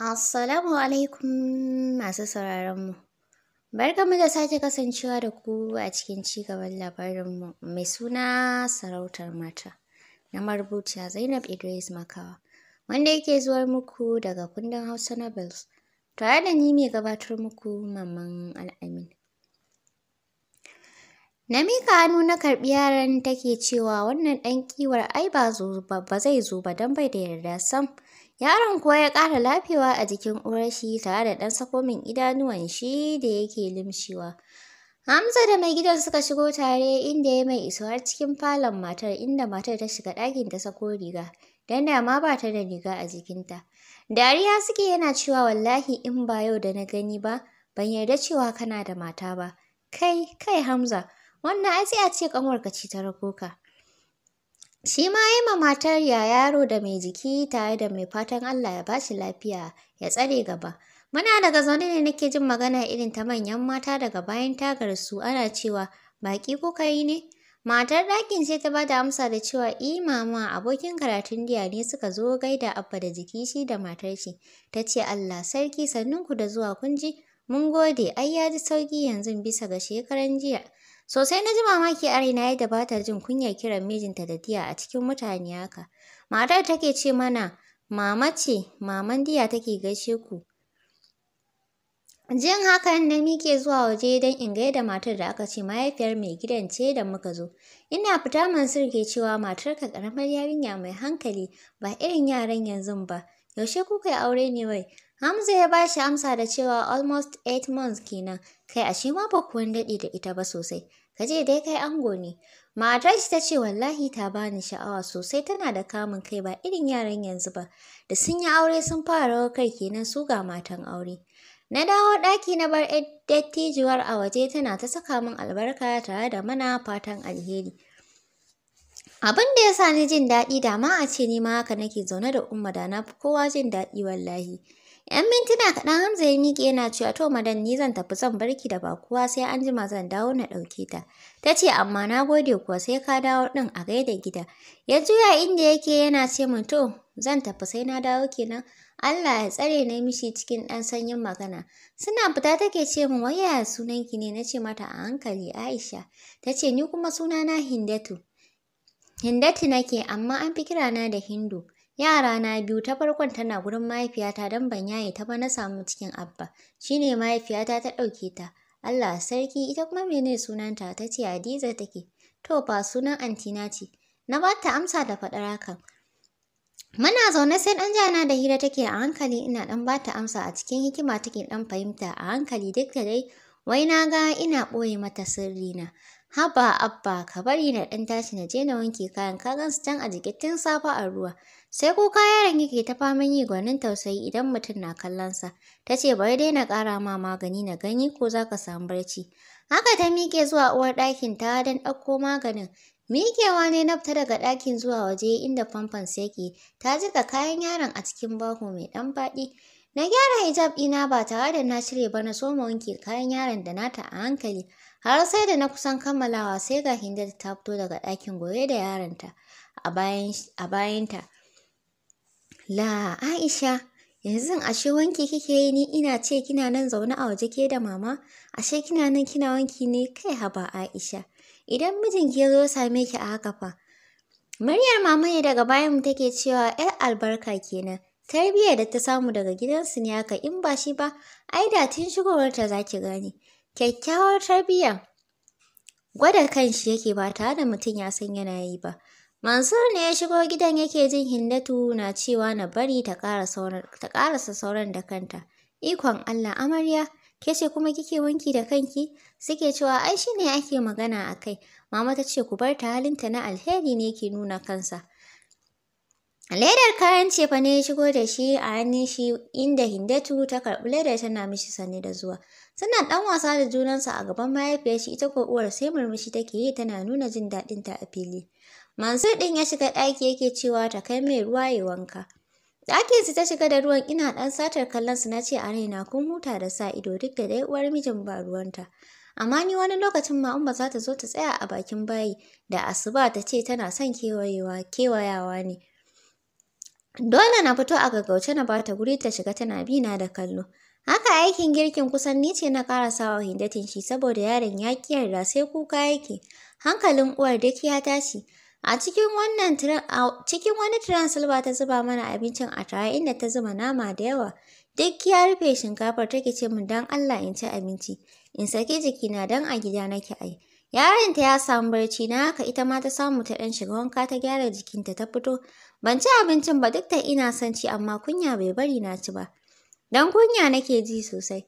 Assalamu alaikum masu sauraronmu. Barkanmu da sake kasancewa da ku a cikin cigaban labarinmu mai suna sarautar mata na marubuciya Zainab Idris Makawa wanda yake zuwa muku daga kundin Hausa na Bels. tare da ni mai gabatar muku mamman Al'amin. Na mika hannu na karɓi yaran take cewa wannan ɗan kiwar ai ba zai zo ba don bai da yarda sam. Yaron kuwa ya ƙara lafewa a jikin uwarshi tare da ɗan sakomin idanuwan shi da yake limshiwa Hamza da mai gidan suka shigo tare inda ya mai iso cikin falon matar inda matar ta shiga ɗakin ta sako riga. Don da ma ba ta da riga a jikinta. Dariya suke yana cewa wallahi in ba yau da na gani ba, ban yarda cewa kana da mata ba. Kai, kai Hamza, wannan ai sai a ce ƙanwarka ce ta rako ka. Shi ma ya ma matar ya yaro da mai jiki tare da mai fatan Allah ya bashi lafiya ya tsare gaba. Muna daga zaune ne nake jin magana irin ta manyan mata daga bayan tagar su ana cewa "Baki kuka yi ne? Matar ɗakin ce ta ba da amsa da cewa imama eh, abokin karatun diya ne suka zo gaida abba da jiki shi da matar shi. Ta ce Allah sarki sannunku da zuwa kun ji mun gode ai ya ji sauki yanzu bisa ga shekaran jiya. Sosai na ji mamaki a raina yadda ba ta jin kunyar kiran mijinta da diya a cikin mutane haka. Matar take ce mana, mama ce, maman diya take gaishe ku. Jin hakan na mike zuwa waje don in gaya da matar da aka ce mahaifiyar mai gidan ce da muka zo. Ina fita Mansur ke cewa matarka karamar yarinya mai hankali ba irin yaran yanzu ba. Yaushe kuka yi aure ne wai? Hamza ya ba shi amsa da cewa almost eight months kenan, kai shi ma ba kuwan daɗe da ita ba sosai, Kaje je dai kai ango ne. Matar ta ce wallahi ta bani sha'awa sosai tana da kamun kai ba irin yaran yanzu ba, da sun yi aure sun fara rawar kai kenan su ga matan aure. Na dawo ɗaki na bar dattijuwar a waje tana ta saka min albarka tare da mana fatan alheri. Abin da ya sa ni jin daɗi da ma a ce ni ma haka nake zaune da umma da na fi kowa jin daɗi wallahi. 'Yan mintuna kaɗan Hamza ya miƙe yana cewa to madan ni zan tafi zan barki da ba kuwa sai an jima zan dawo na ɗauke ta. Ta ce amma na gode kuwa sai ka dawo ɗin a gaida gida. Ya juya inda yake yana ce min to zan tafi sai na dawo kenan. Allah ya tsare na mishi cikin ɗan sanyin magana. Suna fita take ce min wai yaya sunanki ne na ce mata a hankali Aisha. Ta ce ni kuma sunana Hindatu. Hindatu nake amma an fi kirana da Hindu. Yara na biyu ta farkon tana gurin mahaifiyata don ban yaye ta ba na samu cikin Abba. shine mahaifiyata ta ɗauke ta. Allah sarki ita kuma mene sunanta ta ce Hadiza take. To ba sunan na ce. Na ba ta amsa da faɗar hakan. Muna zaune sai ɗan jana da hira take a hankali ina ɗan ba ta amsa a cikin hikima take ɗan fahimta a hankali duk da dai wai na ga ina ɓoye mata sirri na. Haba abba ka bari na ɗan tashi na je na wanke kayan ka gan su can a jikin tun safa a ruwa. Sai kuka yaron yake ta faman yi gwanin tausayi idan mutum na kallonsa. Ta ce bari dai na ƙara ma magani na gani ko za ka samu barci. Haka ta miƙe zuwa uwar ɗakin ta don ɗauko maganin. Miƙewa ne na fita daga ɗakin zuwa waje inda famfons yake. Ta jika kayan yaron a cikin baho mai ɗan faɗi. Na gyara hijab ɗina ba tare da na cire ba na soma wanke kayan yaron da nata a hankali. Har sai da na kusan kammalawa sai ga Hindata ta fito daga ɗakin goye da yaronta a bayanta. La Aisha, yanzu ashe wanki kike yi ni ina ce kina nan zaune a waje ke da mama, ashe kina nan kina wanki ne kai haba Aisha. Idan mijinki ya zo same ki a haka fa. Maryar mama ne daga bayan mu take cewa ‘yar albarka kenan. Tarbiyyar da ta samu daga gidansu ne haka in ba shi ba, ai da tun shigowarta za ki gane. Kyakkyawar tarbiyya. Gwada kanshi yake ba tare da mutum ya san yana yi ba. Mansur ne ya shigo gidan yake jin Hindatu na cewa na bari ta karasa sauran da kanta. Ikon Allah amarya, ke ce kuma kike wanki da kanki? Suke cewa ai shi ne ake magana a kai. Mama ta ce ku bar ta halinta na alheri ne ke nuna kansa. Ledar kayan cefa ne ya shigo da shi a hannun shi inda Hindatu ta karɓi ledar tana mishi sane da zuwa. Suna ɗan wasa da junansa a gaban mahaifiyar shi ita ko uwar sai murmushi take yi tana nuna jin daɗinta a fili. Mansur ɗin ya shiga ɗaki yake cewa ta kai mai ruwa ya wanka. Ɗakinsu ta shiga da ruwan ina ɗan satar kallon su na ce a raina kun huta da sa ido duk da dai uwar mijin ba ruwanta. Amma ni wani lokacin ma ba za ta zo ta tsaya a bakin bayi da asuba ta ce tana son kewayewa kewayawa ne. Dole na fito a gaggauce na bata guri ta shiga tana bina da kallo. Haka aikin girkin kusan ni ce na ƙara sawa hindatin shi saboda yaron ya ƙi yarda sai kuka yake. Hankalin uwar duk ya tashi. A cikin wannan cikin wani tiran ta zuba mana abincin a tare inda ta zuba nama da yawa. Duk ya rufe shinkafar take ce min dan Allah in ci abinci, in saki jiki na dan a gida nake ai. yaron ta ya samu barci na haka ita ma ta samu ta ɗan shiga wanka ta gyara jikinta ta fito. Ban ci abincin ba duk da ina son ci amma kunya bai bari na ci ba. dan kunya nake ji sosai.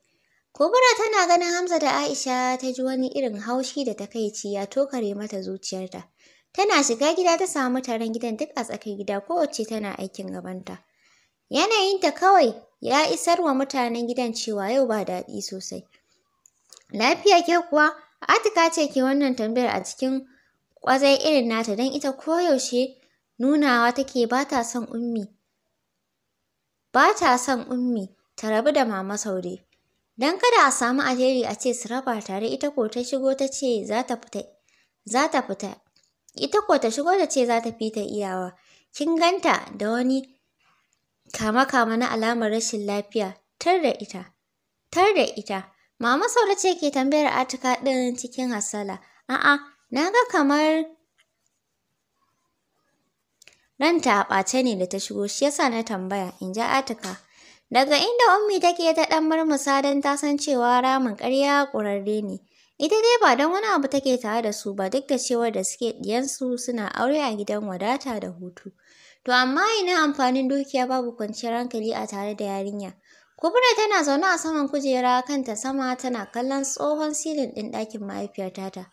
Kubura tana ganin Hamza da Aisha ta ji wani irin haushi da takaici ya tokare mata zuciyarta. Tana shiga gida ta samu taron gidan duk a tsakar gida kowacce tana aikin gabanta. Yanayinta kawai ya isar wa mutanen gidan cewa yau ba daɗi sosai. Lafiya ke kuwa? Atika ce ke wannan tambayar a cikin ƙwazai irin nata don ita koyaushe nunawa take ba ta son ummi. Ba ta son ummi ta rabu da mama saude. Don kada a samu alheri a ce su raba tare ita ko ta shigo ta ce za ta fita. Za ta fita Ita ko ta shigo da ce za ta fi ta iyawa. Kin ganta da wani kama-kama na alamar rashin lafiya tar da ita. Tar da ita. Mama Saura ce ke tambayar Atika ɗin cikin hasala. A'a, na ga kamar ranta a ɓace ne da ta shigo shi yasa na tambaya in ji Atika. Daga inda ummi take ta ɗan murmusa don ta san cewa ramin ƙarya ƙurarre ne. Ita dai ba don wani abu take tare da su ba duk da cewar da suke ɗiyansu suna aure a gidan wadata da hutu. To amma ina amfanin dukiya babu kwanciyar hankali a tare da yarinya. Kubura tana zaune a saman kujera kanta sama tana kallon tsohon silin ɗin ɗakin mahaifiyar tata.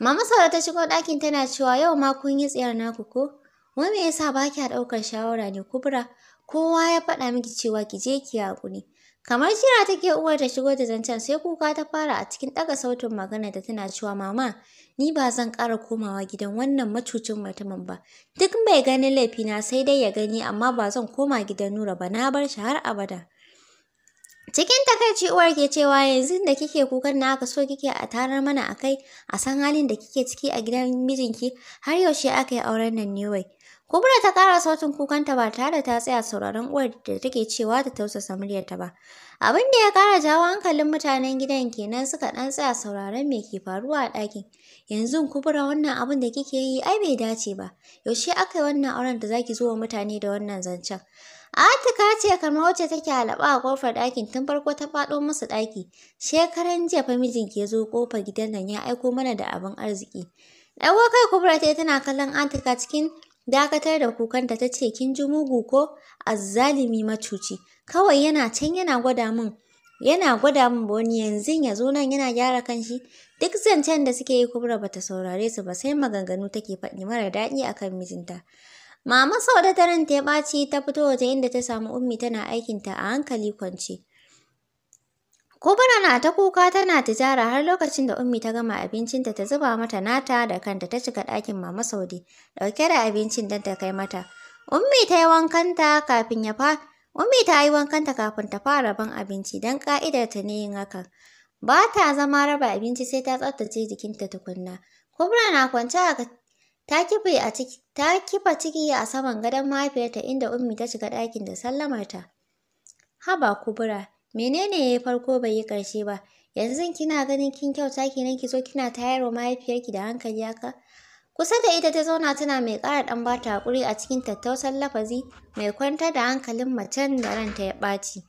Mama Saura ta shigo ɗakin tana cewa yau ma kun yi tsayar naku ko? Wai me yasa ba a ɗaukar shawara ne kubura? Kowa ya faɗa miki cewa ki je ki haƙuri. Kamar jira take uwar ta shigo da zancen sai kuka ta fara a cikin ɗaga sautin magana da tana cewa mama ni ba zan ƙara komawa gidan wannan macucin mutumin ba. Duk mai ganin na sai dai ya gani amma ba zan koma gidan Nura ba na bar shi har abada. Cikin takaici uwar ke cewa yanzu da kike kukan na aka so kike a tarar mana akai a san halin da kike ciki a gidan mijinki har yaushe aka yi auren nan ne wai. Kubura ta ƙara sautin kukanta ba tare da ta tsaya sauraron uwar da take cewa ta tausasa muryarta ba. Abin da ya ƙara jawo hankalin mutanen gidan kenan suka ɗan tsaya sauraron me ke faruwa a ɗakin. Yanzu kubura wannan abin da kike yi ai bai dace ba. Yaushe aka yi wannan auren da zaki zo wa mutane da wannan zancen? Atika ce kamar wacce take halaba a kofar ɗakin tun farko ta faɗo musu ɗaki. Shekaran jiya fa mijin ke zo kofar gidan nan ya aiko mana da abin arziki. Ɗago kai kubura ta tana kallon Atika cikin Dakatar da kukanta ta ce, Kin ji mugu ko? Azzalimi macuci. Kawai yana can yana gwada min. Yana gwada min wani yanzu ya zo nan yana gyara kanshi. Duk zancen da suke yi kubra bata saurare su ba sai maganganu take faɗi mara daɗi akan mijinta. Mama sau da ta ya ɓaci ta fito waje inda ta samu ummi tana aikinta a hankali kwance. Kubura na ta kuka tana tijara har lokacin da Ummi ta gama abincinta ta zuba mata nata da kanta ta shiga ɗakin Mama Saudi ɗauke da abincin don ta kai mata. Ummi ta yi wankanta kafin ya fa Ummi ta yi ta kafin ta fara ban abinci dan ka'idar ta ne yin haka Ba ta zama raba abinci sai ta tsaftace jikinta tukunna. Kubura na kwance a ta kife a ciki ta kifa ciki a saman gadon mahaifiyarta inda Ummi ta shiga ɗakin da sallamar ta. Haba kubura menene ya farko bai yi ƙarshe ba yanzu kina ganin kin kyauta kenan ki zo kina tayarwa mahaifiyarki da hankali haka kusa da ita ta zauna tana mai ƙara ɗan bata hakuri a cikin tattausan lafazi mai kwantar da hankalin macen da ranta ya ɓaci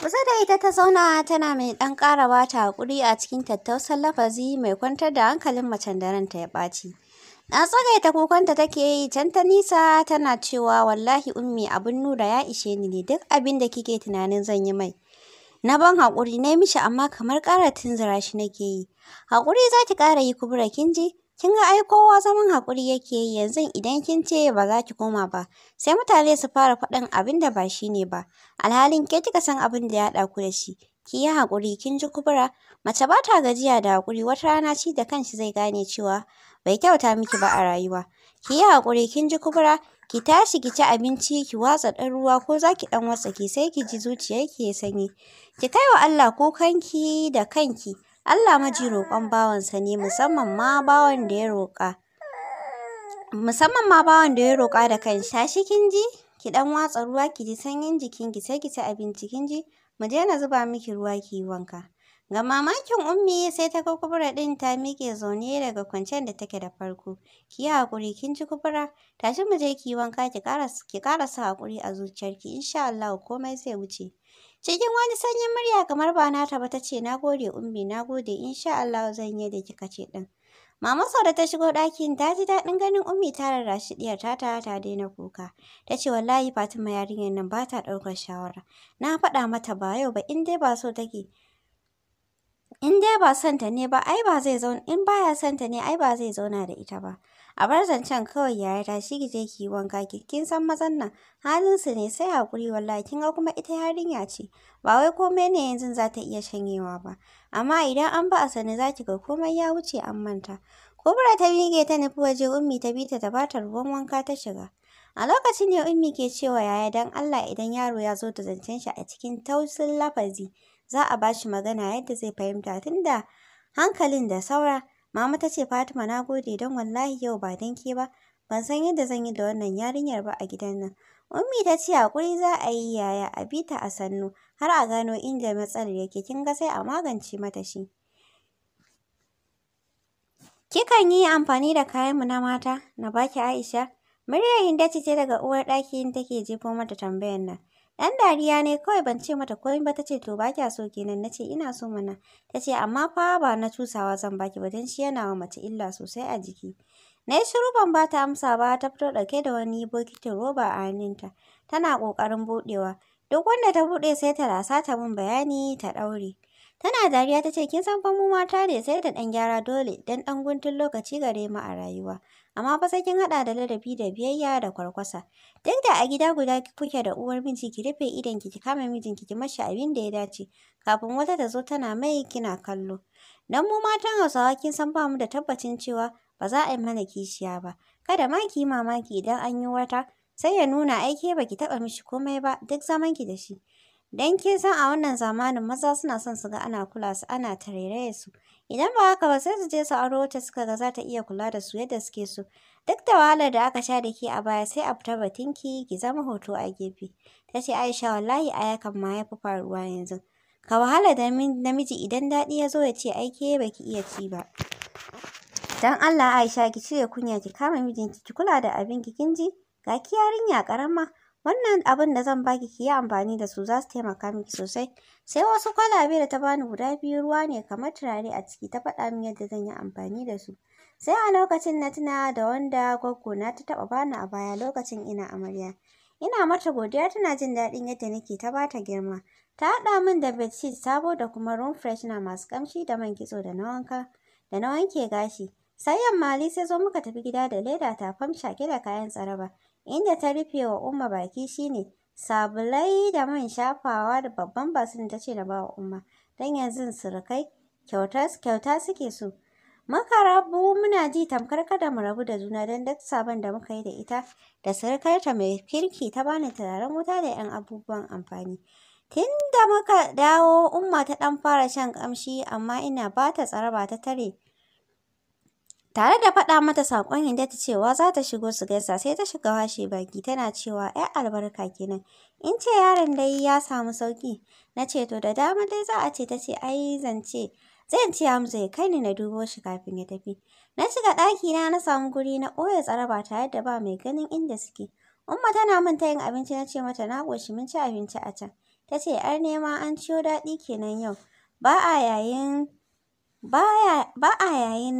Kusa da ita ta zauna tana mai ɗan ƙara bata haƙuri a cikin tattausan lafazi mai kwantar da hankalin macen da ranta ya ɓaci. Na tsagaita kukanta take yi can ta nisa tana cewa wallahi ummi abin nura ya ishe ni ne duk abin da kike tunanin zan yi mai. Na ban haƙuri na yi mishi amma kamar ƙara tunzura shi nake yi. Haƙuri za ki ƙara yi kubura kin ji? Kin ga ai kowa zaman haƙuri yake yi yanzu idan kin ce ba za ki koma ba, sai mutane su fara faɗan abin da ba shi ne ba. Alhalin ke kika san abin da ya haɗa ku da shi. Ki yi haƙuri kin ji kubura. Mace ba ta gajiya da haƙuri wata rana shi da kanshi zai gane cewa bai kyauta miki ba a rayuwa ki yi haƙuri kin ji kubura ki tashi ki ci abinci ki watsa ɗan ruwa ko za ki ɗan ki, sai ki ji zuciyarki ya sanyi ki kai wa Allah kukanki da kanki Allah maji roƙon bawansa ne musamman ma bawan da ya roƙa musamman ma bawan da ya roƙa da kanshi tashi kin ji ki ɗan watsa ruwa ki ji sanyin jikinki sai ki ci abinci kin ji mu daina zuba miki ruwa ki yi wanka Ga mamakin Ummi sai ta ga kubura ɗin ta miƙe zaune daga kwancen da take da farko. Ki yi haƙuri kin ji kubura, tashi mu je ki yi wanka ki ƙara sa haƙuri a zuciyarki insha Allah komai zai wuce. Cikin wani sanyin murya kamar ba nata ba ta ce na gode Ummi na gode insha Allah zan yi da kika ce din. Mama Sauda ta shigo ɗakin ta ji daɗin ganin Ummi ta rarrashi ɗiyar tata ta daina kuka. Ta ce wallahi Fatima yarinyar nan ba ta ɗaukar shawara. Na faɗa mata ba yau ba in dai ba so take. in dai ba santa ne ba ai ba zai zauna in baya santa ne ai ba zai zauna da ita ba a bar zancen kawai yaya tashi shi je ki wanka ki kin san mazan nan halin su ne sai hakuri wallahi kin ga kuma ita yarinya ce ba wai komai ne yanzu za ta iya shanyewa ba amma idan an ba a sani za ki ga komai ya wuce an manta kobra ta mige ta nufi waje ummi ta bi ta ta bata ruwan wanka ta shiga a lokacin ne ummi ke cewa yaya dan Allah idan yaro ya zo da zancen shi a cikin tausin lafazi za a bashi magana yadda zai fahimta tunda hankalin da saura mama ta ce Fatima na gode don wallahi yau ba danki ba ban san yadda zan yi da wannan yarinyar ba a gidan nan ummi ta ce hakuri za a yi yaya a bi ta a sannu har a gano inda matsalar yake kin ga sai a magance mata shi kikan yi amfani da kayanmu na mata na baki Aisha muryar Hinda ce daga uwar ɗakin take jefo mata tambayar nan Ɗan dariya ne kawai ban ce mata komai ba ta ce to ba kya so kenan na ce ina so mana. Ta ce amma fa ba na cusawa zan baki ba don shi yana wa mace illa sosai a jiki. Na yi shiru ban ba ta amsa ba ta fito ɗauke da wani bokitin roba a hannunta. Tana ƙoƙarin buɗewa. Duk wanda ta buɗe sai ta rasa ta min bayani ta ɗaure. Tana dariya ta ce kin san fa mu mata ne sai da ɗan gyara dole dan ɗan guntun lokaci gare mu a rayuwa. amma fa sai kin haɗa da ladabi da biyayya da kwarkwasa. Duk da a gida guda kuke da uwar miji ki rufe idan ki kama mijinki ki mashi abin da ya dace kafin wata ta zo tana mai kina kallo. Dan mu matan Hausawa kin san ba mu da tabbacin cewa ba za a yi mana kishiya ba. Kada ma ki yi mamaki idan an yi wata sai ya nuna aike baki taba mishi komai ba duk zaman ki da shi. Dan kin san a wannan zamanin maza suna son su ga ana kula su ana tarairaye su Idan ba haka ba sai su je su aro wacce suka ga za ta iya kula da su yadda suke so. Duk da wahalar da aka sha da ke a baya sai a fita batinki ki zama hoto a gefe. Ta ce Aisha wallahi a yakan ma ya fi faruwa yanzu. Ka wahala da namiji idan daɗi ya zo ya ce aike ki iya ci ba. Dan Allah Aisha ki cire kunya ki kama mijinki ki kula da abinki kin ji? Ga ki yarinya karama wannan abin da zan baki ki yi amfani da su za su taimaka miki sosai sai wasu kwalabe da ta bani guda biyu ruwa ne kamar turare a ciki ta faɗa min yadda zan yi amfani da su sai a lokacin na tuna da wanda gwaggo na ta taɓa bani a baya lokacin ina amarya ina mata godiya tana jin daɗin yadda nake ta bata girma ta haɗa min da bedsheet sabo da kuma room freshener masu ƙamshi da man kitso da na wanka da na wanke gashi sai yamma Ali sai zo muka tafi gida da leda ta tafam shake da kayan tsaraba inda ta rufe wa Umma baki shine sabulai da man shafawa da babban basin ta ce da ba wa Umma don yanzu surukai kyauta suke so. Muka rabu muna ji tamkar kada mu rabu da juna don duk sabon da muka yi da ita da surukarta mai kirki ta bani turaren wuta da 'yan abubuwan amfani. Tun da muka dawo Umma ta ɗan fara shan kamshi, amma ina ba ta tsara ba ta tare Tare da faɗa mata saƙon Hindata cewa za ta shigo su gaisa sai ta shiga washe baki tana cewa ‘yar albarka kenan. In ce yaron dai ya samu sauƙi. Na ceto da dama dai za a ce ta ce ai zance. Zan ce Hamza ya kai ni na dubo shi kafin ya tafi. Na shiga ɗakina na samu guri na ɓoye tsaraba tare da ba mai ganin inda suke. Umma tana min ta yin abinci na ce mata na ƙoshi mun ci abinci a can. Ta ce ‘yar nema an ciyo daɗi kenan yau. ba a yayin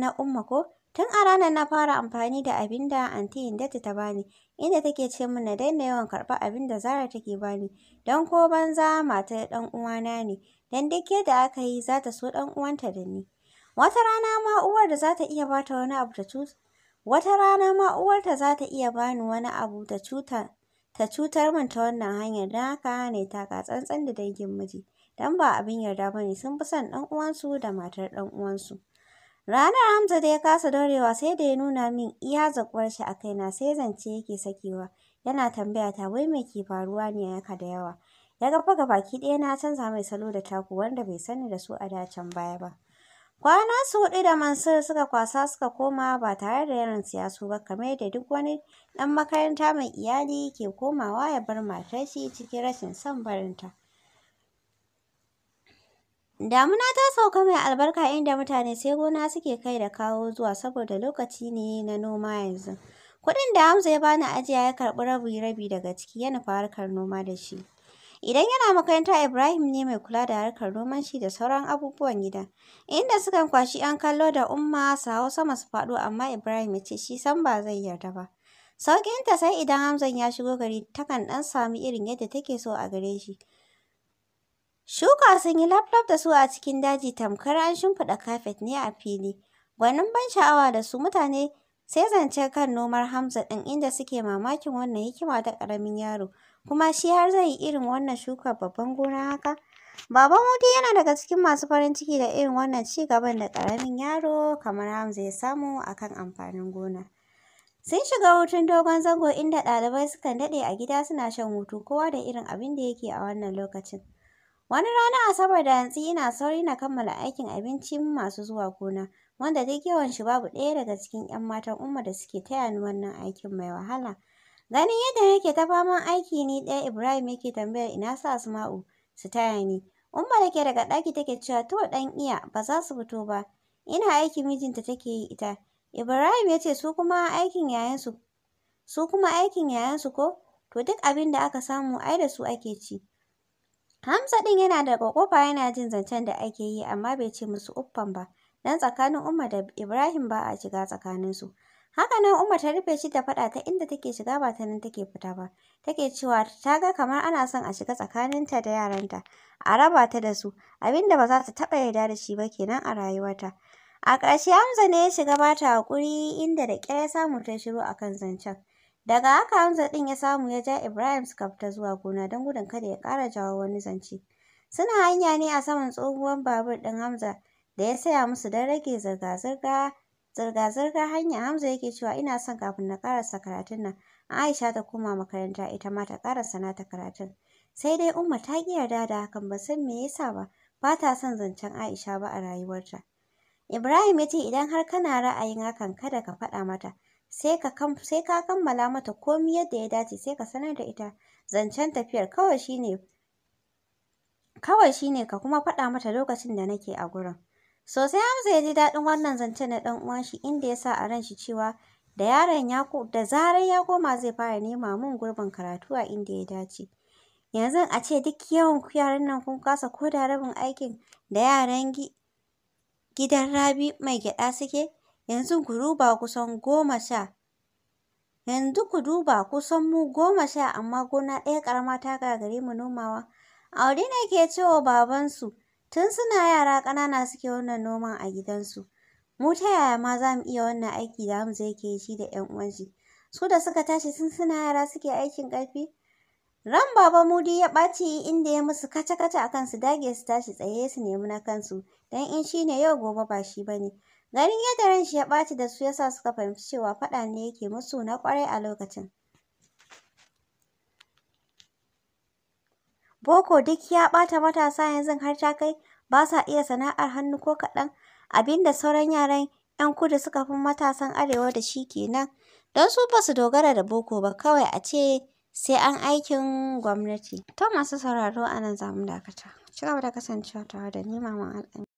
na umma ko Tun a ranar na fara amfani da abin da Aunty Hindatu ta bani, inda take ce min na daina yawan karɓar abin da Zara take bani, don ko banza matar ɗan uwana ne, don duk yadda aka yi za ta so ɗan uwanta da ni. Wata rana ma uwar da za ta iya ba ta wani abu ta cuta, wata rana ma uwarta za ta iya bani wani abu ta cuta, ta cutar min ta wannan hanyar, don haka ne taka tsantsan da dangin miji, don ba abin yarda ba ne, sun fi son ɗan uwansu da matar ɗan uwansu. Ranar Hamza da ya kasa dorewa, sai da ya nuna min iya zaƙuwar shi a kaina sai zance yake sakewa yana tambaya ta wai me ke faruwa ne haka da yawa. Ya ga fa baki ɗaya na canza mai salo da taku wanda bai sani da su a dacen baya ba. Kwana su huɗu da Mansur suka kwasa suka koma ba tare da yaran siyasu ba kamar da duk wani ɗan makaranta mai iyali ke komawa ya bar matar shi cikin rashin son barinta. Damuna ta sauka mai albarka inda mutane sai gona suke kai da kawo zuwa saboda lokaci ne na noma yanzu. Kuɗin da Hamza ya bani ajiya ya karɓi rabi-rabi daga ciki ya nufa harkar noma da shi. Idan yana makaranta Ibrahim ne mai kula da harkar noman shi da sauran abubuwan gida. Inda sukan kwashi 'yan kallo da umma su hau sama su faɗo amma Ibrahim ya ce shi san ba zai yarda ba. Sauƙinta sai idan Hamza ya shigo gari takan ɗan samu irin yadda take so a gare shi. Shuka sun yi laflaf da su a cikin daji tamkar an shimfiɗa kafet ne a fili. Gwanin ban sha'awa da su mutane sai zance kan nomar Hamza ɗin inda suke mamakin wannan hikima ta ƙaramin yaro. Kuma shi har zai yi irin wannan shuka babban gona haka? Baban Mudi yana daga cikin masu farin ciki da irin wannan ci gaban da ƙaramin yaro kamar Hamza ya samu a kan amfanin gona. Sun shiga hutun dogon zango inda ɗalibai sukan daɗe a gida suna shan hutu kowa da irin abin da yake a wannan lokacin. Wani rana Asabar da Yanzu yana sauri na kammala aikin abinci masu zuwa gona, wanda duk yawan shi babu ɗaya daga cikin 'yan matan Umma da suke taya ni wannan aikin mai wahala. Ganin yadda yake ta faman aiki ni ɗaya Ibrahim yake tambayar ina sa Asma'u su taya ni. Umma da ke daga ɗaki take cewa to ɗan iya ba za su fito ba, ina aiki mijinta take yi ita. Ibrahim ya ce su kuma aikin yayansu su kuma aikin yayansu ko? To duk abin da aka samu ai da su ake ci. Hamza ɗin yana da kokofa yana jin zancen da ake yi amma bai ce musu uffan ba, dan tsakanin Umma da Ibrahim ba a shiga tsakaninsu. Haka nan Umma ta rufe shi da faɗa ta inda take shiga ba ta nan take fita ba. Take cewa ta ga kamar ana son a shiga tsakaninta da yaranta, a raba ta da su, abinda ba za ta taɓa yarda da shi ba kenan a rayuwarta. A ƙarshe Hamza ne ya shiga ba ta haƙuri inda da ƙyar ya samu ta shiru a kan zancen. Daga haka Hamza ɗin ya samu ya ja Ibrahim suka zuwa gona don gudun kada ya ƙara jawo wani zance. Suna hanya ne a saman tsohuwar babur ɗin Hamza da ya saya musu don rage zirga-zirga zirgar hanya Hamza yake cewa ina son kafin na karasa karatun nan Aisha ta koma makaranta ita ma ta karasa nata karatun sai dai Umma ta ki yarda da hakan ba san me yasa ba ba ta son zancen Aisha ba a rayuwarta Ibrahim ya ce idan har kana ra'ayin hakan kada ka faɗa mata sai ka kammala mata komi yadda ya dace sai ka sanar da ita zancen tafiyar kawai shine kawai ka kuma faɗa mata lokacin da nake a gurin sosai Hamza ya ji daɗin wannan zancen na ɗan uwan shi inda ya sa a ran shi cewa da yaron ya da zarar ya koma zai fara nema mun gurbin karatu a inda ya dace yanzu a ce duk yawan yaran nan kun kasa ko da rabin aikin da yaran gidan Rabi mai gyaɗa suke yanzu ku duba kusan goma sha yanzu ku duba kusan mu goma sha amma gona ɗaya ƙarama ta gagare mu nomawa audi ne ke cewa babansu tun suna yara ƙanana suke wannan noman a gidansu mu ta yaya ma za mu iya wannan aiki da Hamza yake shi da 'yan uwanshi su da suka tashi tun suna yara suke aikin ƙarfi ran baba mudi ya ɓaci inda ya musu kaca-kaca akan su dage su tashi tsaye su nemi na kansu don in shine yau gobe ba shi bane Ganin yadda ran shi ya ɓaci da su yasa suka fahimci cewa faɗa ne yake musu na ƙwarai a lokacin. Boko duk ya ɓata matasa yanzu har ta kai ba sa iya sana'ar hannu ko kaɗan abinda sauran yaran 'yan kudu suka fi matasan arewa da shi kenan don su ba su dogara da boko ba kawai a ce sai an aikin gwamnati. Ta masu sauraro a nan za mu dakata. Ci gaba da kasancewa tare da ni Maman Al'amin.